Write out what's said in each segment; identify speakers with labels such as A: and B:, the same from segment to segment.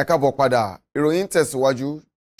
A: ẹ káàbọ̀ padà ìròyìn tẹ̀síwájú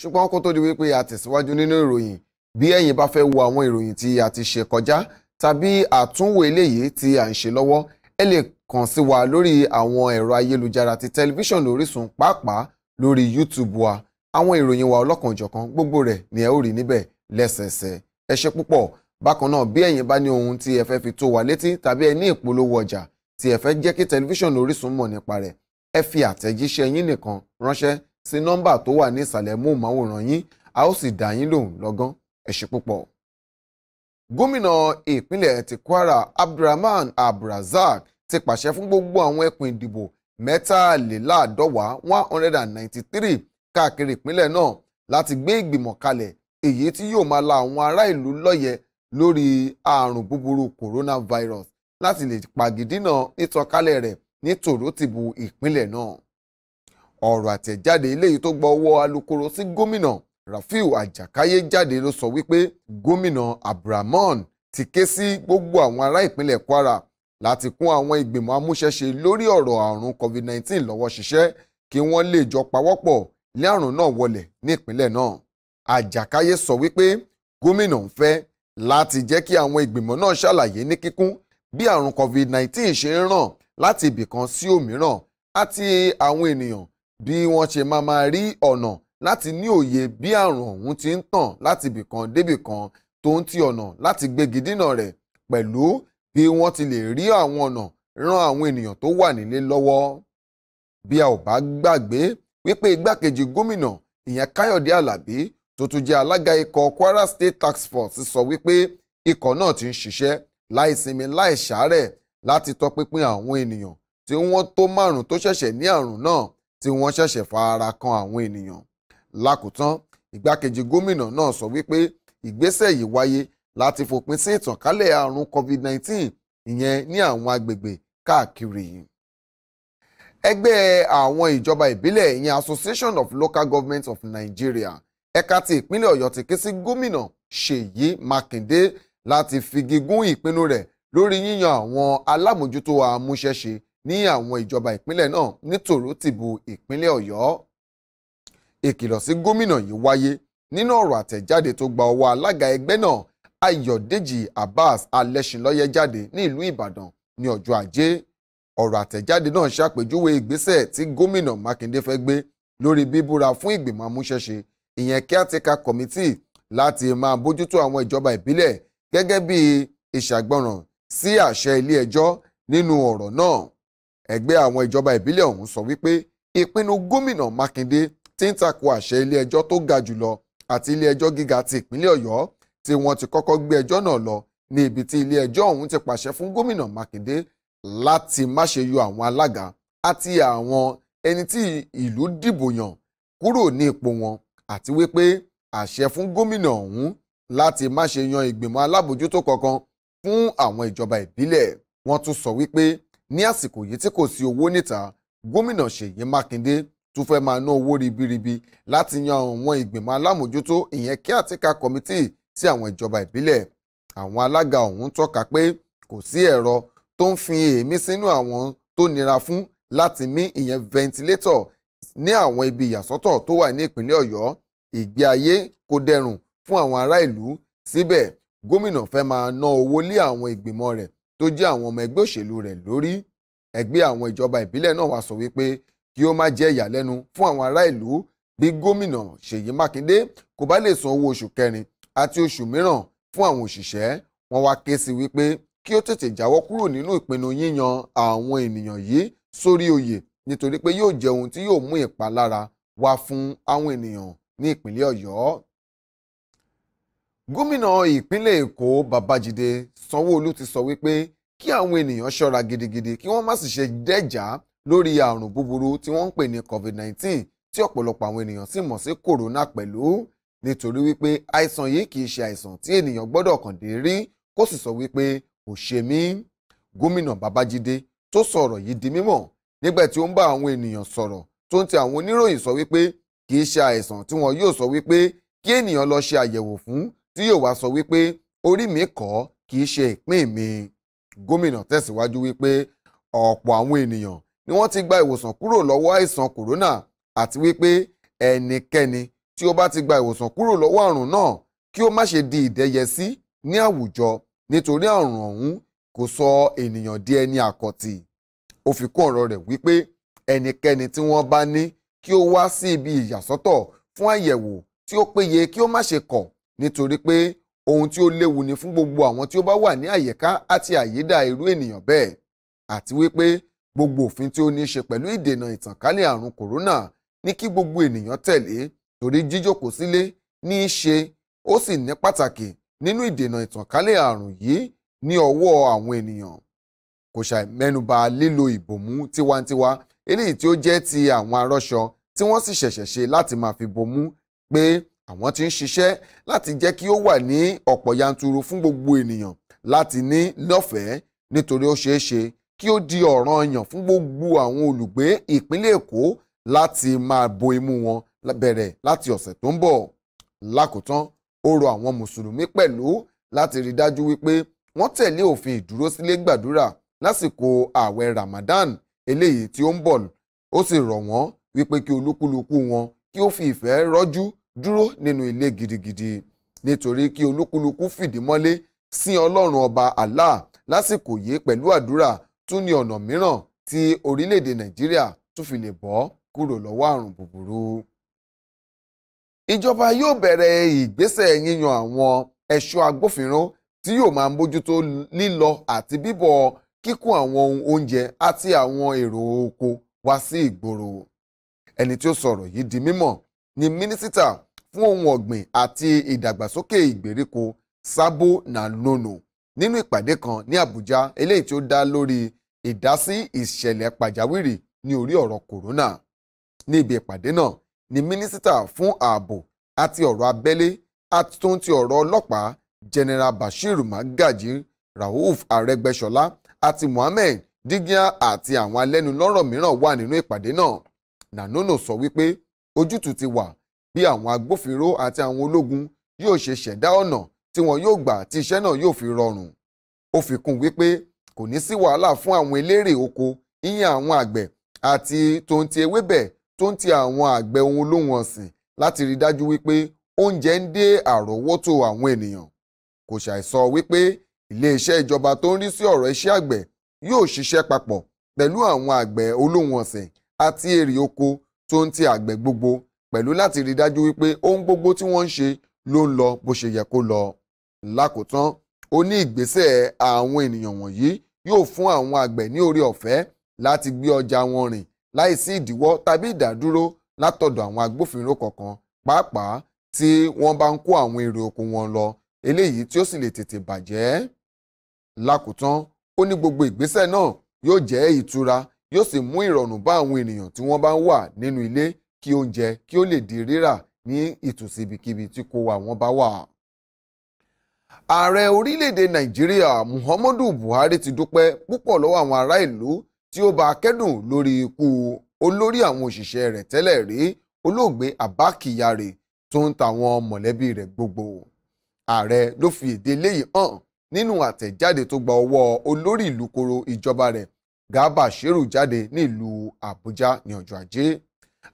A: ṣùgbọ́n kó tó di wípé a tẹ̀síwájú nínú ìròyìn bí ẹ̀yin bá fẹ́ wo àwọn ìròyìn tí a ti ṣe kọjá tàbí àtúnwò eléyìí tí a ń ṣe lọ́wọ́ ẹ lè kàn sí wa lórí àwọn ẹ̀rọ ayélujára ti tẹlifíṣàn Orísun pàápàá lórí YouTube wa àwọn ìròyìn wa ọlọ́kanòjọ̀kan gbogbo rẹ̀ ni ẹ ó rí níbẹ̀ lẹ́sẹẹsẹ ẹ ṣe púpọ̀ bákan náà bí ẹ̀yin bá ní ohun tí ẹ fẹ́ fi tó wa létí tàbí ẹ ní ìpolówó ọjà tí ẹ fẹ́ jẹ́ kí tẹlifíṣàn Orísun mọ̀ nípa rẹ̀ ẹ fi àtẹ̀jíṣẹ́ yín nìkan ránṣẹ́ sí nọ́mbà tó wà ní ìsàlẹ̀ móhùnmáwòrán yín a ó sì dá yín lóhùn lọ́gán ẹ ṣé púpọ̀. gómìnà ìpínlẹ̀ ti Kwara Abdulrahman Abdulrazak ti pàṣẹ fún gbogbo àwọn ẹkùn ìdìbò mẹ́tàléláàdọ́wàá one hundred and ninety three káàkiri ìpínlẹ̀ náà láti gbé ìgbìmọ̀ kalẹ̀ èyí tí yóò máa la àwọn ará ìlú lọ́yẹ̀ lórí àrùn búburú coronavirus láti lè pàgídínà ìtànkálẹ̀ rẹ̀ ní tòrótìbù ìpínlẹ̀ náà ọ̀rọ̀ àtẹ̀jáde eléyìí tó gba ọwọ́ alukoro sí gómìnà Rafiu Àjàkáyé jáde ló sọ wípé gómìnà Abdulrahman ti ké sí gbogbo àwọn ará ìpínlẹ̀ Kwara láti kún àwọn ìgbìmọ̀ amúṣẹ́ṣe lórí ọ̀rọ̀ àrùn COVID-19 lọ́wọ́ ṣiṣẹ́ kí wọ́n lè jọ pawọ́pọ̀ lé àrùn náà wọlẹ̀ ní ìpínlẹ̀ náà Àjàkáyé sọ wípé gómìnà ń fẹ́ láti jẹ́ kí àwọn ìgbìmọ̀ náà ṣàlàyé ní kíkún bí àrùn COVID-19 ṣe ń ràn láti ibì kan sí òmíràn àti àwọn ènìyàn bí wọ́n ṣe máa máa rí ọ̀nà láti ní òye bí àrùn ọ̀hún ti ń tàn láti ibì kan débì kan tó ń ti ọ̀nà láti gbégi dínà rẹ̀ pẹ̀lú bí wọ́n ti lè rí àwọn ọ̀nà ran àwọn ènìyàn tó wà nílé lọ́wọ́. bí a ò bá gbàgbé wípé igbákejì gómìnà ìyẹn káyọ̀dé alábí tó tún jẹ́ alága ikọ̀ kwara state tax force sọ wípé ikọ̀ náà ti ń ṣiṣẹ́ láìsinmi láìṣàárẹ̀ láti tọpinpin àwọn ènìyàn tí wọ́n tó márùn tó ṣẹ̀ṣẹ̀ ní àrùn náà tí wọ́n ṣẹ̀ṣẹ̀ fara kan àwọn ènìyàn. lákòótán ìgbákejì gómìnà náà sọ wípé ìgbésẹ̀ yìí wáyé láti fòpin sí ìtànkálẹ̀ àrùn covid-19 ìyẹn ní àwọn agbègbè káàkiri yìí. ẹgbẹ́ àwọn ìjọba ìbílẹ̀ ìyẹn association of local governments of nigeria ẹ̀ka ti ìpínlẹ̀ ọ̀yọ́ ti ké sí gómìnà ṣèyí mákindé láti figi gún ìpinnu rẹ̀ lórí yíyan àwọn alámòjútó àmúṣẹ́ṣe ní àwọn ìjọba ìpínlẹ̀ náà nítorò tìbú ìpínlẹ̀ Ọ̀yọ́ ìkìlọ̀ sí gómìnà yìí wáyé nínú ọ̀rọ̀ àtẹ̀jáde tó gba ọwọ́ alága ẹgbẹ́ náà Ayọ̀dèjì Abbas Alẹ́ṣinlọ́yẹ jáde ní ìlú Ìbàdàn ní ọjọ́ Ajé ọ̀rọ̀ àtẹ̀jáde náà ṣàpèjúwe ìgbésẹ̀ tí gómìnà Mákindé fẹ́ gbé lórí bíbúra fún ìgbìmọ̀ amúṣẹ́ṣe ìyẹn caretaker committee láti máa bójútó àwọn ìjọba ìbílẹ̀ gẹ́gẹ́ bí ìṣàgbọràn sí àṣẹ ilé ẹjọ́ nínú ọ̀rọ̀ náà ẹgbẹ́ àwọn ìjọba ìbílẹ̀ ọ̀hún sọ wípé ìpinnu gómìnà Mákindé ti ń tako àṣẹ ilé ẹjọ́ tó ga jùlọ àti ilé ẹjọ́ gíga ti ìpínlẹ̀ Ọ̀yọ́ tí wọ́n ti kọ́kọ́ gbé ẹjọ́ náà lọ ní ibi tí ilé ẹjọ́ ọ̀hún ti pàṣẹ fún gómìnà Mákindé láti má ṣe yọ àwọn alága àti àwọn ẹni tí ìlú dìbò yàn kúrò ní ipò wọn àti wípé àṣẹ fún gómìnà ọ̀hún láti má ṣe yan ìgbìmọ̀ alábòjútó kankan fún àwọn ìjọba ìbílẹ̀ wọ́n tún sọ wípé ní àsìkò yìí tí kò sí owó níta gómìnà Ṣèyí Mákindé tún fẹ́ máa ná owó ribiribi láti yan àwọn ìgbìmọ̀ alámòjútó ìyẹn caretaker committee sí àwọn ìjọba ìbílẹ̀ àwọn alága ọ̀hún tọ́ka pé kò sí ẹ̀rọ tó ń fi èémí sínú àwọn tó nira fún láti mí ìyẹn ventilator ní àwọn ibi ìyàsọ́tọ̀ tó wà ní ìpínlẹ̀ Ọ̀yọ́ ìgbé ayé kò dẹrùn fún àwọn ará ìlú síbẹ̀ gómìnà fẹ́ máa ná owó lé àwọn ìgbìmọ̀ rẹ̀ tó jẹ́ àwọn ọmọ ẹgbẹ́ òṣèlú rẹ̀ lórí ẹgbẹ́ àwọn ìjọba ìbílẹ̀ náà wá sọ wípé kí ó má jẹ́ ìyàlẹ́nu fún àwọn ará ìlú bí gómìnà Ṣèyí Mákindé kò bá lè san owó oṣù kẹrin àti oṣù mìíràn fún àwọn òṣìṣẹ́ wọn wá ké sí wípé kí ó tètè jáwọ́ kúrò nínú ìpinnu yíyan àwọn ènìyàn yìí sórí oyè nítorí pé yóò jẹ́ ohun tí yóò mú ìpalára wá fún àwọn ènìyàn ní ìpínlẹ̀ Ọ̀yọ́ gómìnà ìpínlẹ̀ èkó babájídé sanwóolu ti sọ wípé kí àwọn ènìyàn ṣọ́ra gidigidi kí wọ́n má sì ṣe dẹ́jà lórí àrùn búburú tí wọ́n ń pè ní covid-19 tí ọ̀pọ̀lọpọ̀ àwọn ènìyàn sì mọ̀ sí corona pẹ̀lú nítorí wípé àìsàn yìí kì í ṣe àìsàn tí ènìyàn gbọ́dọ̀ kàn dé rí kó sì sọ wípé kò ṣe mí gómìnà babájídé tó sọ̀rọ̀ yìí di mímọ̀ nígbà tí ó ń bá àwọn ènìyàn sọ̀rọ̀ tó ń ti àwọn oníròyìn sọ wípé kì í ṣe àìsàn tí wọn yóò sọ wípé kí ènìyàn lọ ṣe àyẹ̀wò fún tí yóò wá sọ wípé orí mi kọ́ kì í ṣe ìpín mi gómìnà tẹ̀síwájú wípé ọ̀pọ̀ àwọn ènìyàn ni wọ́n ti gba ìwòsàn kúrò lọ́wọ́ àìsàn kòrónà àti wípé ẹnikẹ́ni tí ó bá ti gba ìwòsàn kúrò lọ́wọ́ àrùn náà kí ó má ṣe di ìdẹ́yẹsí ní àwùjọ nítorí àrùn ọ̀hún kò sọ ènìyàn di ẹni àkọ́tì ó fi kún ọ̀rọ̀ rẹ̀ wípé ẹnikẹ́ni tí wọ́n bá ní kí ó wá sí ibi ìyàsọ́tọ̀ fún àyẹ̀wò tí ó péye kí ó má ṣe kọ̀ nítorí pé ohun tí ó léwu ni fún gbogbo àwọn tí ó bá wà ní àyíká àti àyídà irú ènìyàn bẹ́ẹ̀ àti wípé gbogbo òfin tí ó ní í ṣe pẹ̀lú ìdènà ìtànkálẹ̀ àrùn kòrónà ní kí gbogbo ènìyàn tẹ̀lé torí jíjókòó sílé ní í ṣe ó sì ní pàtàkì nínú ìdènà ìtànkálẹ̀ àrùn yìí ní ọwọ́ àwọn ènìyàn kò ṣàì mẹ́nubà lílo ìbòmú tiwantiwa eléyìí tí ó jẹ́ ti àwọn arọ́ṣọ tí wọ́n sì ṣẹ̀ṣẹ̀ ṣe láti máa fi bomú pé àwọn tí ń ṣiṣẹ́ láti jẹ́ kí ó wà ní ọ̀pọ̀ yanturu fún gbogbo ènìyàn láti ní lọ́fẹ̀ẹ́ nítorí ó ṣeé ṣe kí ó di ọ̀ranyàn fún gbogbo àwọn olùgbé ìpínlẹ̀ Èkó láti máa bo imú wọn bẹ̀rẹ̀ láti ọ̀sẹ̀ tó ń bọ̀ lákòótán ó rọ àwọn mùsùlùmí pẹ̀lú láti rí dájú wípé wọ́n tẹ̀lé òfin ìdúró gbàdúrà lásìkò ààwẹ̀ Ramadan eléyìí tí ó ń bọ̀ ó sì rọ̀ wọ́n wípé kí olúkúlùkù wọn kí ó fi ìfẹ́ rọ́jú dúró nínú ilé gidigidi nítorí kí olúkúlùkù fìdí mọ́lé sí ọlọ́run ọba Allah lásìkò yìí pẹ̀lú àdúrà tún ní ọ̀nà mìíràn tí orílẹ̀-èdè nàìjíríà tún fi lè bọ́ kúrò lọ́wọ́ àrùn búburú. ìjọba yóò bẹ̀rẹ̀ ìgbésẹ̀ yíyan àwọn ẹ̀ṣọ́ agbófinró tí yóò máa bójútó lílọ àti bíbọ̀ kíkún àwọn oúnjẹ àti àwọn èrò oko wá sí ìgboro. ẹni tí ó sọ̀rọ̀ yìí di mímọ̀ ni mínísítà fún ohun ọ̀gbìn àti ìdàgbàsókè ìgbèríko Sabo Nanono nínú ìpàdé kan ní Àbújá eléyìí tí ó dá lórí ìdásí ìṣẹ̀lẹ̀ pàjáwìrì ní orí ọ̀rọ̀ kòrónà ní ibi ìpàdé náà ni mínísítà fún ààbò àti ọ̀rọ̀ abẹ́lé àtún ti ọ̀rọ̀ ọlọ́pàá general Bashir Magaji Rauf Arẹ́gbẹ́ṣọlá àti Mohammed Digyan àti àwọn alẹ́nulọ́rọ̀ mìíràn wà nínú ìpàdé náà Nanono sọ wípé ojútùú ti wà bí àwọn agbófinró àti àwọn ológun yóò ṣe ṣẹ̀dá ọ̀nà tí wọn yóò gbà tí iṣẹ́ náà yóò fi rọrùn. ó fi kún wípé kò ní sí wàhálà fún àwọn elérè oko ìyẹn àwọn àgbẹ̀ àti tóun ti ewébẹ̀ tóun ti àwọn àgbẹ̀ ohun olóhùn ọ̀sìn láti rí dájú wípé oúnjẹ ń dé àrọ́wọ́tò àwọn ènìyàn. kò ṣàìsọ wípé iléeṣẹ́ ìjọba tó ń rí sí ọ̀rọ̀ iṣẹ́ àgbẹ̀ yóò ṣiṣẹ́ papọ̀ pẹ̀lú àwọn àgbẹ̀ olóhùn ọ̀sìn àti èrè oko tó ń ti àgbẹ̀ gbogbo pẹ̀lú láti rí dájú wípé ohun gbogbo tí wọ́n ń ṣe ló ń lọ bó ṣe yẹ kó lọ. lákòótán ó ní ìgbésẹ̀ àwọn ènìyàn wọ̀nyí yóò fún àwọn àgbẹ̀ ní oore ọ̀fẹ́ láti gbé ọjà wọn rìn láìsí ìdíwọ́ tàbí ìdádúró látọ̀dọ̀ àwọn agbófinró kọ̀ọ̀kan pàápàá tí wọ́n bá ń kó àwọn èrè oko wọn lọ eléyìí tí ó sì lè tètè bàjẹ́. lákòótán ó ní gbogbo ìgbésẹ̀ náà yóò jẹ́ ìtura yóò sì mú ìrọ̀rùn bá àwọn ènìyàn tí wọ́n bá ń wà nínú ilé kí oúnjẹ kí ó lè di rírà ní ìtòsí ibikíbi tí kó wa wọn bá wà. ààrẹ orílẹ̀-èdè nàìjíríà muhammadu buhari ti dúpẹ́ púpọ̀ lọ́wọ́ àwọn ará ìlú tí ó bá kẹ́dùn lórí ikú olórí àwọn òṣìṣẹ́ rẹ̀ tẹ́lẹ̀ rí olóògbé abba kyari tó ń tàwọn mọ̀lẹ́bí rẹ̀ gbogbo. ààrẹ ló fi èdè eléyìí hàn nínú àtẹ̀jáde tó gba ọwọ́ olórí ìlú koro ìjọba rẹ̀ garba shehu jáde nílùú àbújá ní ọjọ́ ajé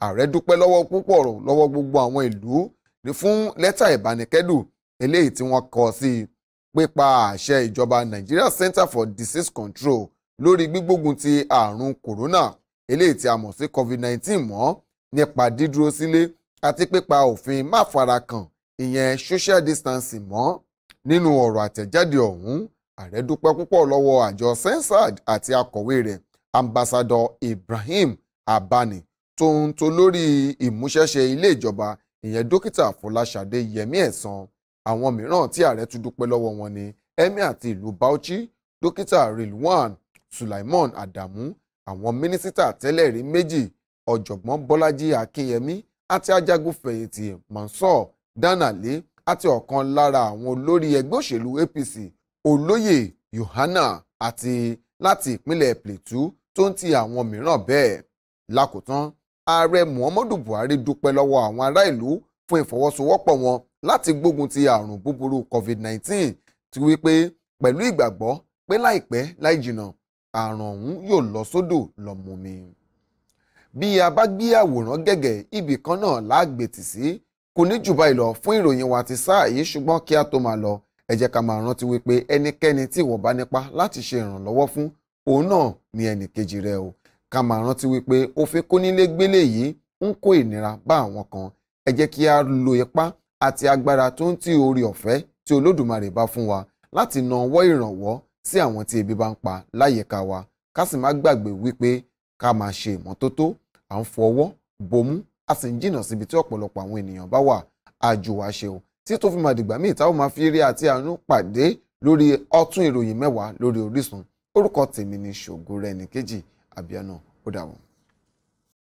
A: ààrẹ dúpẹ́ lọ́wọ́ púpọ̀ lọ́wọ́ gbogbo àwọn ìlú ní fún lẹ́tà ìbánikẹ́dùn eléyìí tí wọ́n kọ sí pípa àṣẹ ìjọba Nigeria Center for Disease Control lórí gbígbógun ti àrùn corona eléyìí tí a mọ̀ sí COVID-19 mọ́ nípa dídúró sílé àti pípa òfin má fara kàn ìyẹn social distancing mọ́ nínú ọ̀rọ̀ àtẹ̀jáde ọ̀hún ààrẹ dúpẹ́ púpọ̀ lọ́wọ́ àjọ censad àti akọ̀wé rẹ̀ ambassador Ibrahim Abani tóun tó lórí ìmúṣẹ́ṣe ilé ìjọba ìyẹn dókítà Fọláṣadé yẹmí ẹ̀sán àwọn mìíràn tí ààrẹ tún dúpẹ́ lọ́wọ́ wọn ni emir ti ìlú Bauchi dókítà Rilwan Sulaiman Adamu àwọn mínísítà tẹ́lẹ̀ rí méjì ọ̀jọ̀gbọ́n Bọ́lájí Akínyẹmí àti ajagun fẹ̀yìntì Mansour Danale àti ọ̀kan lára àwọn olórí ẹgbẹ́ òṣèlú APC olóyè Yohana àti láti ìpínlẹ̀ Plateau tó ń ti àwọn mìíràn bẹ́ẹ̀ lákòótán ààrẹ muhammadu buhari dúpẹ́ lọ́wọ́ àwọn ará ìlú fún ìfọwọ́sowọ́pọ̀ wọn láti gbógun ti àrùn búburú covid-19 ti wípé pẹ̀lú ìgbàgbọ́ pé láìpẹ́ láì jìnnà àrùn ọ̀hún yóò lọ sódò lọ mu mi. bí a bá gbé àwòrán gẹ́gẹ́ ibì kan náà láàgbètì sí kò ní jù báyìí lọ fún ìròyìn wa ti sáà yìí ṣùgbọ́n kí a tó máa lọ ẹ ká máa rántí wípé ẹnikẹ́ni tí ìwọ bá nípa láti ṣe ìrànlọ́wọ́ fún òun náà ni ẹnìkejì rẹ o ká máa rántí wípé òfin kónílégbélé yìí ń kó ìnira bá àwọn kan ẹ jẹ́ kí a lo ipá àti agbára tó ń ti oore ọ̀fẹ́ tí olódùmarè bá fún wa láti na ọwọ́ ìrànwọ́ sí àwọn tí ebi bá ń pa láyìíká wa ká sì má gbàgbé wípé ká máa ṣe ìmọ́tótó à ń fọ ọwọ́ bomú a sì ń jìnnà síbi tí ọ̀pọ̀lọpọ̀ àwọn ènìyàn bá wà àjò wa ṣeun tí tó fi máa dìgbà míì táwọn máa fi rí àti àánú pàdé lórí ọtún ìròyìn mẹ́wàá lórí Orísun orúkọ tèmi ni ṣògo rẹ̀ nìkejì abia no woda